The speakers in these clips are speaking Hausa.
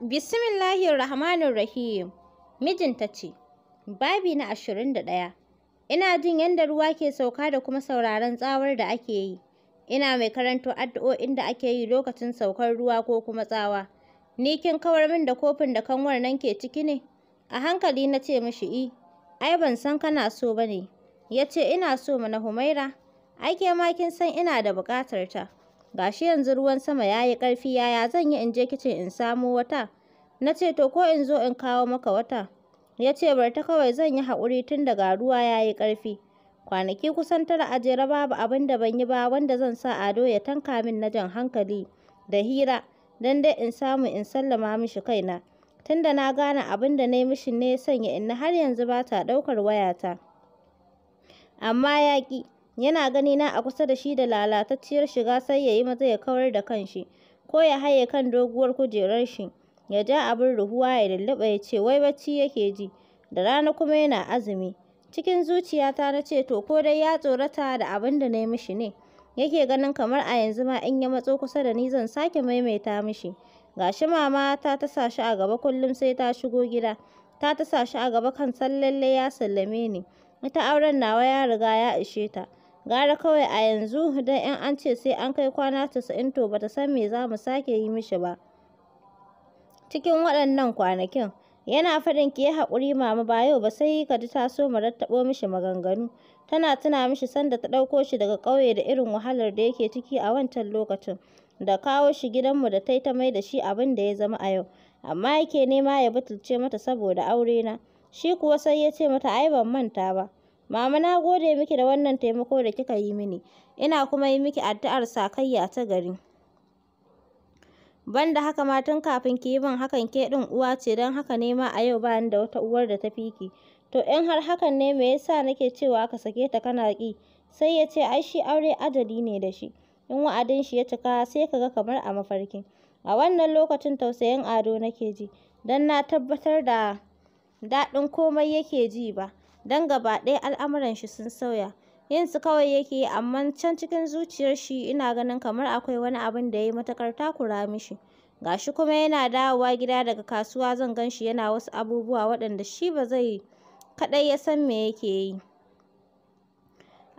Bismillahir Rahmanir Rahim. Mijinta ce, babi na ashirin da ɗaya. Ina jin yadda ruwa ke sauka da kuma sauraron tsawar da ake yi. Ina mai karanto addu'o'in da ake yi lokacin saukar ruwa ko kuma tsawa. Ni kin kawar min da kofin da kanwar nan ke ciki ne? A hankali na ce mishi i, ai ban san kana so ba ne. Ya ce ina so na Humaira, ai ke ma kin san ina da buƙatar ta. Ga shi yanzu ruwan sama ya yi ƙarfi yaya zan yi in je kicin in samo wata na ce to ko in zo in kawo maka wata ya ce bar ta kawai zan yi haƙuri tun daga ruwa ya yi ƙarfi kwanaki kusan tara a jere babu abin da ban yi ba wanda zan sa ado ya tanka min na jan hankali da hira don dai in samu in sallama mishi kaina Tun da na gane abin da na yi mishi ne sanya inna har yanzu ba ta ɗaukar wayata amma yaƙi. yana ganina a kusa da shi da lalatacciyar shiga sai ya yi maza ya kawar da kanshi, ko ya haye kan doguwar kujerar shi, ya ja abin ruhuwa ya lulluɓa ya ce wai bacci yake ji, da rana kuma yana azumi. Cikin zuciyata na ce to ko dai ya tsorata da abin da na yi mishi ne, yake ganin kamar a yanzu ma in ya matso kusa da ni zan sake maimaita mishi. Gashi mama ta ta sa shi a gaba kullum sai ta shigo gida, ta ta sa shi a gaba kan sallalle ya sallame ni, ita auren nawa ya riga ya ishe ta. Gara kawai a yanzu don in an ce sai an kai kwana casa'in to ba ta san me za mu sake yi mishi ba. Cikin waɗannan kwanakin, yana faɗin ki yi haƙuri mama ba yau ba sai ka ji ta so mu rattabo mishi maganganu. Tana tuna mishi sanda ta ɗauko shi daga ƙauye da irin wahalar da yake ciki a wancan lokacin, da kawo shi gidanmu da ta yi ta mai da shi abin da ya zama a yau. Amma yake nema ya butulce mata saboda aure na Shi kuwa sai ya ce mata ai ban manta ba. Mama na gode miki da wannan taimako da kika yi mini, ina kuma yi miki addu'ar sakayya ta gari. banda haka ma tun kafin ki yi min hakan ke ɗin uwa ce don haka ne ma a yau ba ni da wata uwar da ta fi ki. To in har hakan ne me yasa nake cewa ka sake ta kana ƙi? Sai ya ce ai shi aure ajali ne da shi, in wa'adin shi ya cika sai ka ga kamar a mafarkin. A wannan lokacin tausayin Ado nake ji, don na tabbatar da daɗin komai yake ji ba. don gaba ɗaya al'amuran shi sun sauya. Yin su kawai yake yi amma can cikin zuciyar shi ina ganin kamar akwai wani abin da ya yi matuƙar takura mishi. Ga shi kuma yana dawowa gida daga kasuwa zan gan shi yana wasu abubuwa waɗanda shi ba zai kaɗai ya san me yake yi.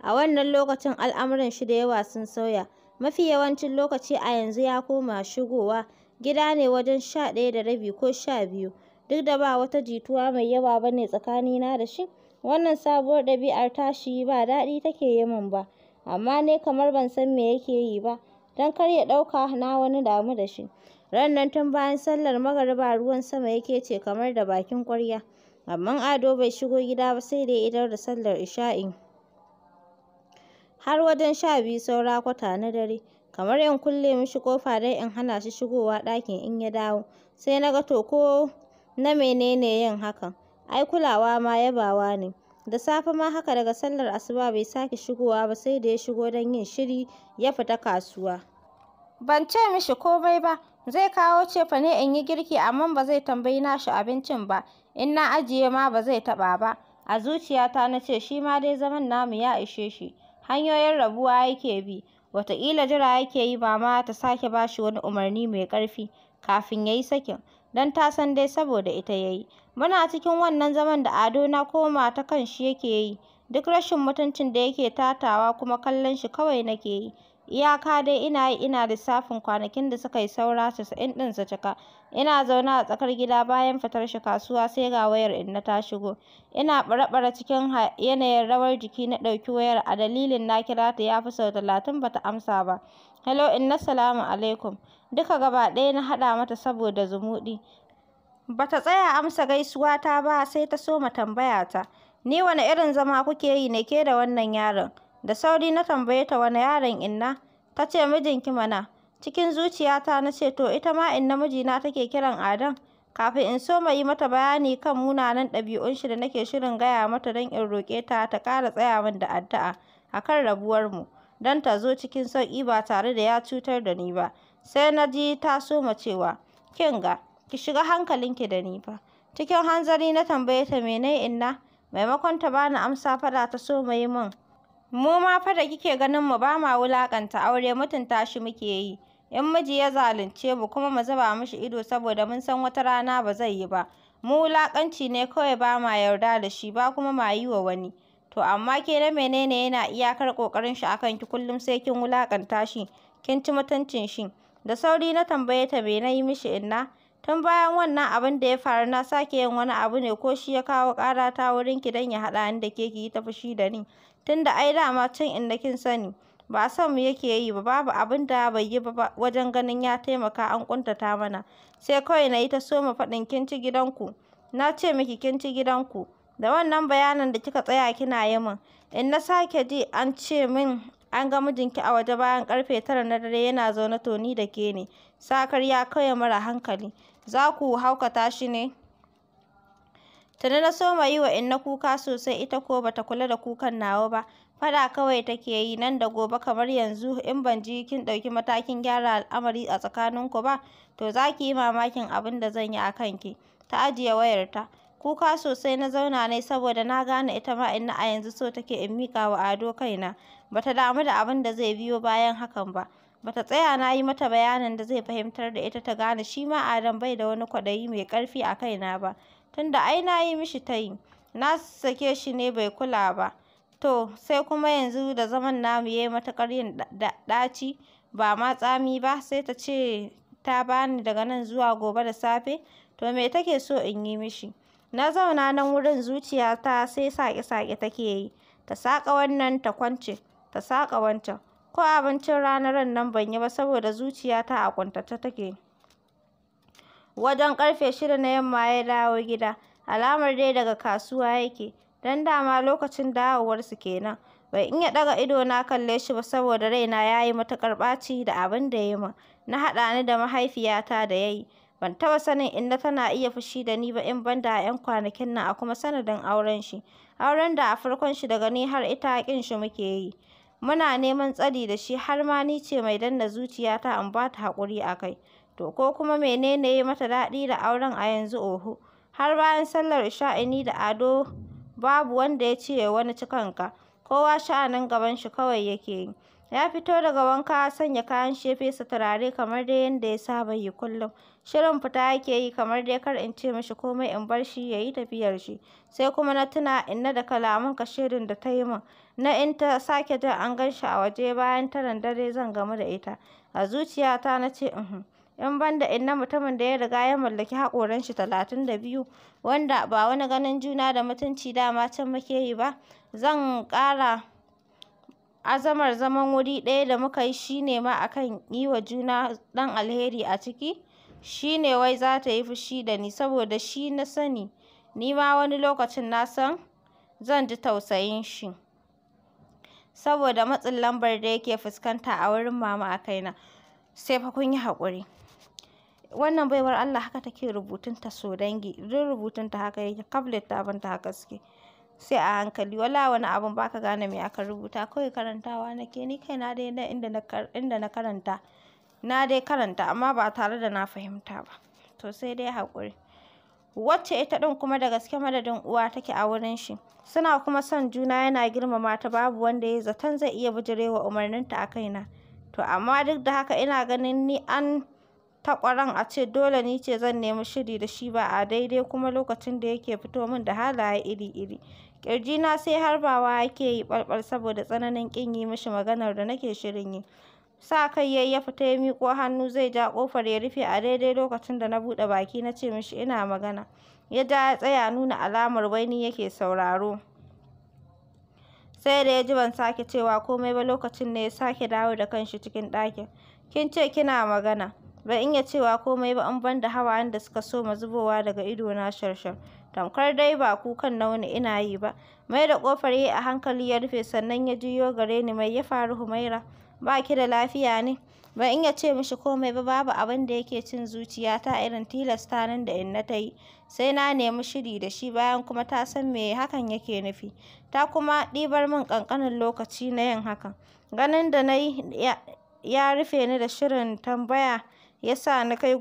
A wannan lokacin al'amuran shi da yawa sun sauya. Mafi yawancin lokaci a yanzu ya koma shigowa gida ne wajen sha ɗaya da rabi ko sha biyu. Duk da ba wata jituwa mai yawa ba ne tsakanina da shi, Wannan sabuwar ɗabi'ar tashi ba daɗi take yi min ba, amma ne kamar ban san me yake yi ba, don kar ya ɗauka na wani damu da shi. Rannan tun bayan sallar magariba ruwan sama yake ce kamar da bakin ƙwarya, amma Ado bai shigo gida ba sai dai ya idar da sallar isha'in. Har wajen sha biyu saura kwata na dare, kamar in kulle mishi ƙofa don in hana shi shigowa ɗakin in ya dawo, sai na ga to ko na menene yin hakan. ai kulawa ma yabawa ne. Da safe ma haka daga sallar asuba bai sake shigowa ba sai da ya shigo don yin shiri ya fita kasuwa. Ban ce mishi komai ba, zai kawo cefa ne in yi girki amma ba zai tambayi nashi abincin ba, in na ajiye ma ba zai taba ba. A zuciyata na ce shi ma dai zaman namu ya ishe shi, hanyoyin rabuwa yake bi, wataƙila jira yake yi ba ma ta sake bashi wani umarni mai ƙarfi kafin ya yi sakin. don ta san dai saboda ita ya yi. Muna cikin wannan zaman da Ado na koma ta kan shi yake yi, duk rashin mutuncin da yake tatawa kuma kallon shi kawai nake yi. Iyaka dai ina yi ina lissafin kwanakin da suka yi saura casa'in ɗin cika. Ina zauna a tsakar gida bayan fitar shi kasuwa sai ga wayar inna ta shigo. Ina ɓare cikin yanayin rawar jiki na ɗauki wayar a dalilin na kira ta ya fi sau talatin ba ta amsa ba. hello inna salamu alaikum duka gaba ɗaya na haɗa mata saboda zumuɗi bata tsaya amsa gaisuwa ta ba sai ta soma tambaya ta ni wani irin zama kuke yi ne ke da wannan yaron da sauri na tambaye ta wani yaron inna ta ce mijinki mana cikin zuciyata na ce to ita ma inna mijina take kiran adan kafin in so yi mata bayani kan munanan ɗabi'un shi da nake shirin gaya mata don in roƙe ta ta ƙara tsaya min da addu'a akan rabuwar mu don ta zo cikin sauƙi ba tare da ya cutar da ni ba. Sai na ji ta soma cewa, kin ga, ki shiga hankalinki da ni fa. Cikin hanzari na tambaye ta me inna, maimakon ta bani amsa fada ta soma yi min. Mu ma fa da kike ganin mu ba ma wulaƙanta aure mutunta shi muke yi. In miji ya zalunce mu kuma mu zaba mishi ido saboda mun san wata rana ba zai yi ba. Mu wulakanci ne kawai ba ma yarda da shi ba kuma ma yi wa wani. To amma ke na menene yana iyakar ƙoƙarin shi akan ki kullum sai kin wulaƙanta shi, kin ci mutuncin shi. Da sauri na tambaye ta me na yi mishi inna? Tun bayan wannan abin da ya faru na sake yin wani abu ne ko shi ya kawo ƙara ta wurin ki don ya haɗa ni da ke ki yi ta fushi da ni. Tunda ai dama tun inna kin sani. ba son mu yake yi ba babu abin da bai yi ba wajen ganin ya taimaka an kuntata mana sai kawai na yi ta soma faɗin kin ci ku. na ce miki kin ci gidan ku. da wannan bayanin da kika tsaya kina yi min in na sake ji an ce min an ga mijinki a waje bayan karfe tara na dare yana zaune to ni da ke ne sakar ya kawai mara hankali za ku haukata shi ne tuni na soma yi wa inna kuka sosai ita ko bata kula da kukan nawa ba fada kawai take yi nan da gobe kamar yanzu in ban ji kin ɗauki matakin gyara al'amari a tsakaninku ba to za ki yi mamakin abin da zan yi a kanki ta ajiye wayarta Kuka sosai na zauna ne saboda na gane ita ma inna a yanzu so take in mika wa Ado kaina, bata damu da abin da zai biyo bayan hakan ba. bata tsaya na yi mata bayanin da zai fahimtar da ita ta gane shi ma Adam bai da wani kwaɗayi mai ƙarfi a kaina ba, tunda ai na yi mishi ta yi, na sake shi ne bai kula ba. To, sai kuma yanzu da zaman namu ya yi matuƙar yin ɗaci, ba ma tsami ba, sai ta ce ta bani daga nan zuwa gobe da safe, to me take so in yi mishi? Na zauna nan wurin zuciyata sai saƙe-saƙe take yi, ta saƙa wannan ta kwance, ta saƙa wancan. Ko abincin ranar nan ban yi ba saboda zuciyata a ƙuntatace take. Wajen ƙarfe shida na yamma ya dawo gida, alamar dai daga kasuwa yake, don dama lokacin dawowarsu kenan. Ban iya ɗaga ido na kalle shi ba saboda raina ya yi matuƙar ɓaci da abin da ya yi min, na haɗa ni da mahaifiyata da ya yi. Ban taɓa sanin inna tana iya fushi da ni ba in ban da a 'yan kwanakin nan a kuma sanadin auren shi. Auren da a farkon shi daga ni har ita kin shi muke yi. Muna neman tsari da shi har ma ni ce mai danna zuciyata in ba ta haƙuri a kai. To ko kuma menene ya mata daɗi da auren a yanzu oho. Har bayan sallar isha'i ni da Ado babu wanda ya ce wani cikanka. Kowa sha'anin gaban shi kawai yake yi. Ya fito daga wanka ya sanya kayan shi ya turare kamar dai yadda ya saba yi kullum. Shirin fita yake yi kamar dai kar in ce mishi komai in bar shi ya yi tafiyar shi. Sai kuma na tuna na da kalaman kashedin da ta yi min. Na in ta sake jin an gan shi a waje bayan taran dare zan gamu da ita. A zuciyata na ce uhum. In ban da inna mutumin da ya riga ya mallaki haƙoran shi talatin da biyu wanda ba wani ganin juna da mutunci dama can muke yi ba. Zan ƙara azamar zaman wuri ɗaya da muka yi shi ne ma a kan yi wa juna ɗan alheri a ciki, shi ne wai za ta yi fushi da ni saboda shi na sani ni ma wani lokacin na san zan ji tausayin shi saboda matsin lambar da yake fuskanta a wurin mama a kaina, sai fa kun yi haƙuri. Wannan baiwar Allah haka take rubutunta so dangi, duk rubutunta haka yake, kaf littafinta haka suke. sai a hankali wala wani abun ba ka gane me aka rubuta kawai karantawa nake ni kaina na inda inda na karanta na dai karanta amma ba tare da na fahimta ba to sai dai hakuri wacce ita ɗin kuma da gaske madadin uwa take a wurin shi suna kuma son juna yana girmama ta babu wanda ya zaton zai iya bijirewa umarninta a kaina to amma duk da haka ina ganin ni an takwaran a ce dole ni ce zan nemi shiri da shi ba a daidai kuma lokacin da yake fito min da halaye iri-iri na sai harbawa yake yi ɓalɓal saboda tsananin ƙin yi mishi maganar da nake shirin yi. Sa kai yayi ya fita ya miƙo hannu zai ja kofar ya rufe a daidai lokacin da na buɗe baki na ce mishi ina magana. Ya ja ya tsaya nuna alamar wai ni yake sauraro. Sai da ya ji ban sake cewa komai ba lokacin ne ya sake dawo da kanshi cikin ɗakin. Kin ce kina magana. Ban iya cewa komai ba in ban da hawayen da suka soma zubowa daga idona sharshar. tamkar dai ba kukan na wani ina yi ba. Mai da kofar yi a hankali ya rufe sannan ya juyo gare ni mai ya faru Humaira, ba ki da lafiya ne? Ban iya ce mishi komai ba babu abin da yake cin zuciya ta irin tilasta nan da in na ta yi. Sai na nemi shiri da shi bayan kuma ta san me hakan yake nufi. Ta kuma ɗibar min ƙanƙanin lokaci na yin hakan. Ganin da na yi ya rufe ni da shirin tambaya ya sa na kai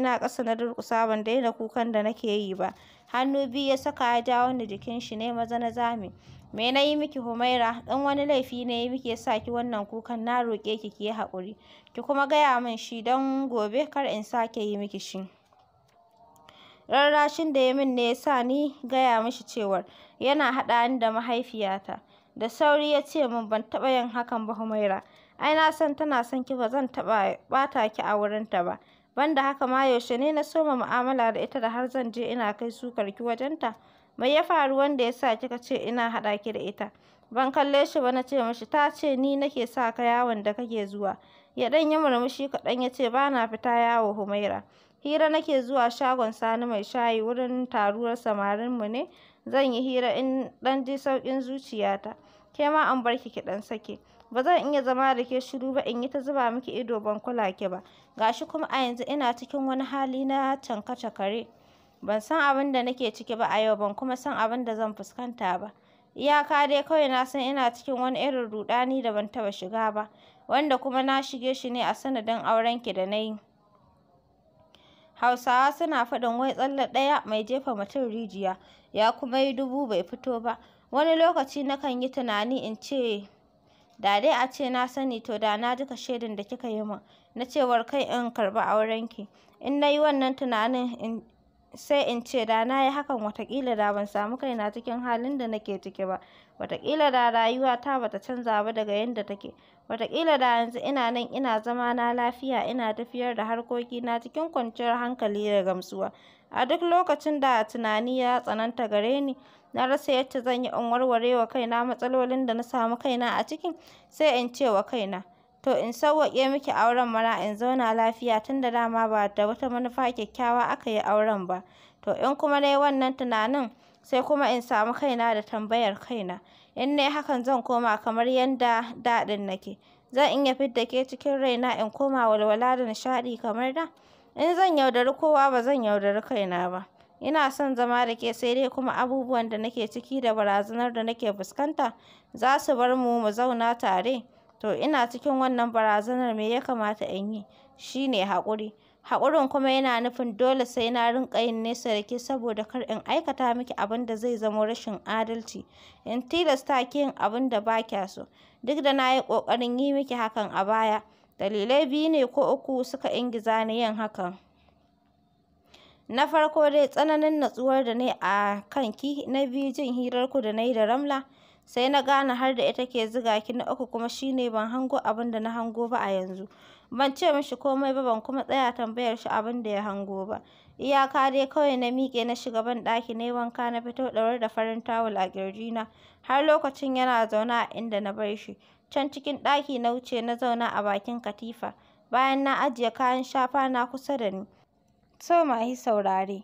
na ƙasa na durƙusa ban daina kukan da nake yi ba. Hannu biyu ya saka ya jawo ni jikin shi ne maza na zame. Me na yi miki Humaira? ɗan wani laifi ne ya miki ya sa ki wannan kukan na roƙe ki ki yi haƙuri. Ki kuma gaya min shi don gobe kar in sake yi miki shi. Rarrashin da ya min ne ya sa ni gaya mishi cewar yana haɗa ni da mahaifiyata. Da sauri ya ce min ban taɓa yin hakan ba Humaira. Ai na san tana son ki ba zan taɓa ɓata ki a wurinta ba. Banda haka ma yaushe ne na soma mu'amala da ita da har zan je ina kai sukar ki wajenta. Mai ya faru wanda ya sa kika ce ina haɗa ki da ita? Ban kalle shi ba na ce mashi ta ce ni nake sa ka yawon da kake zuwa. Ya ɗan yi murmushi kaɗan ya ce ba na fita yawo Humaira. Hira nake zuwa shagon Sani mai shayi wurin taruwar samarin mu ne. Zan yi hira in ɗan ji sauƙin zuciyata. Ke ma an bar ki ki ɗan sake. ba zan iya zama da ke shiru ba in yi ta zuba miki ido ban kula ki ba gashi kuma a yanzu ina cikin wani hali na canka kare ban san abin da nake ciki ba a yau ban kuma san abin da zan fuskanta ba iyaka dai kawai na san ina cikin wani irin rudani da ban taba shiga ba wanda kuma na shige shi ne a sanadin auren ki da na yi Hausawa suna faɗin wai tsalle ɗaya mai jefa mutum rijiya ya kuma yi dubu bai fito ba wani lokaci nakan yi tunani in ce da dai a ce na sani to da na ji kashedin da kika yi min na cewar kai in karbi aurenki in na yi wannan tunanin sai in ce da na yi hakan watakila da ban samu kaina cikin halin da nake ciki ba watakila da rayuwa ta bata canza ba daga yadda take watakila da yanzu ina nan ina zama na lafiya ina tafiyar da harkoki na cikin kwanciyar hankali da gamsuwa a duk lokacin da tunani ya tsananta gare ni na rasa yadda zan yi in warware wa kaina matsalolin da na samu kaina a cikin sai in ce wa kaina to in sauwaƙe miki auren mana in zauna lafiya tun da dama ba da wata manufa kyakkyawa aka yi auren ba to in kuma nayi wannan tunanin sai kuma in samu kaina da tambayar kaina in nayi hakan zan koma kamar yadda daɗin nake zan iya fidda ke cikin raina in koma walwala da nishaɗi kamar da in zan yaudari kowa ba zan yaudari kaina ba Ina son zama da ke sai dai kuma abubuwan da nake ciki da barazanar da nake fuskanta za su bar mu mu zauna tare. To ina cikin wannan barazanar me ya kamata in yi? shine ne haƙuri. Haƙurin kuma yana nufin dole sai na rinƙa yin nesa da ke saboda kar in aikata miki abin da zai zamo rashin adalci, in tilasta ki yin abin da ba kya so, duk da na yi ƙoƙarin yi miki hakan a baya. Dalilai biyu ne ko uku suka ingiza ni yin hakan. Na farko dai tsananin natsuwar da na a kanki, na biyu jin hirarku da na yi da Ramla, sai na gane har da ita ke ziga ki, na uku kuma shine ban hango abin da na hango ba a yanzu. Ban ce mishi komai ba ban kuma tsaya tambayar shi abin da ya hango ba. Iyaka dai kawai na miƙe na shiga banɗaki ɗaki na wanka na fito ɗaure da farin tawul a ƙirjina, har lokacin yana zauna a inda na bar shi. Can cikin ɗaki na wuce na zauna a bakin katifa, bayan na ajiye kayan shafa na kusa da ni. So yi saurare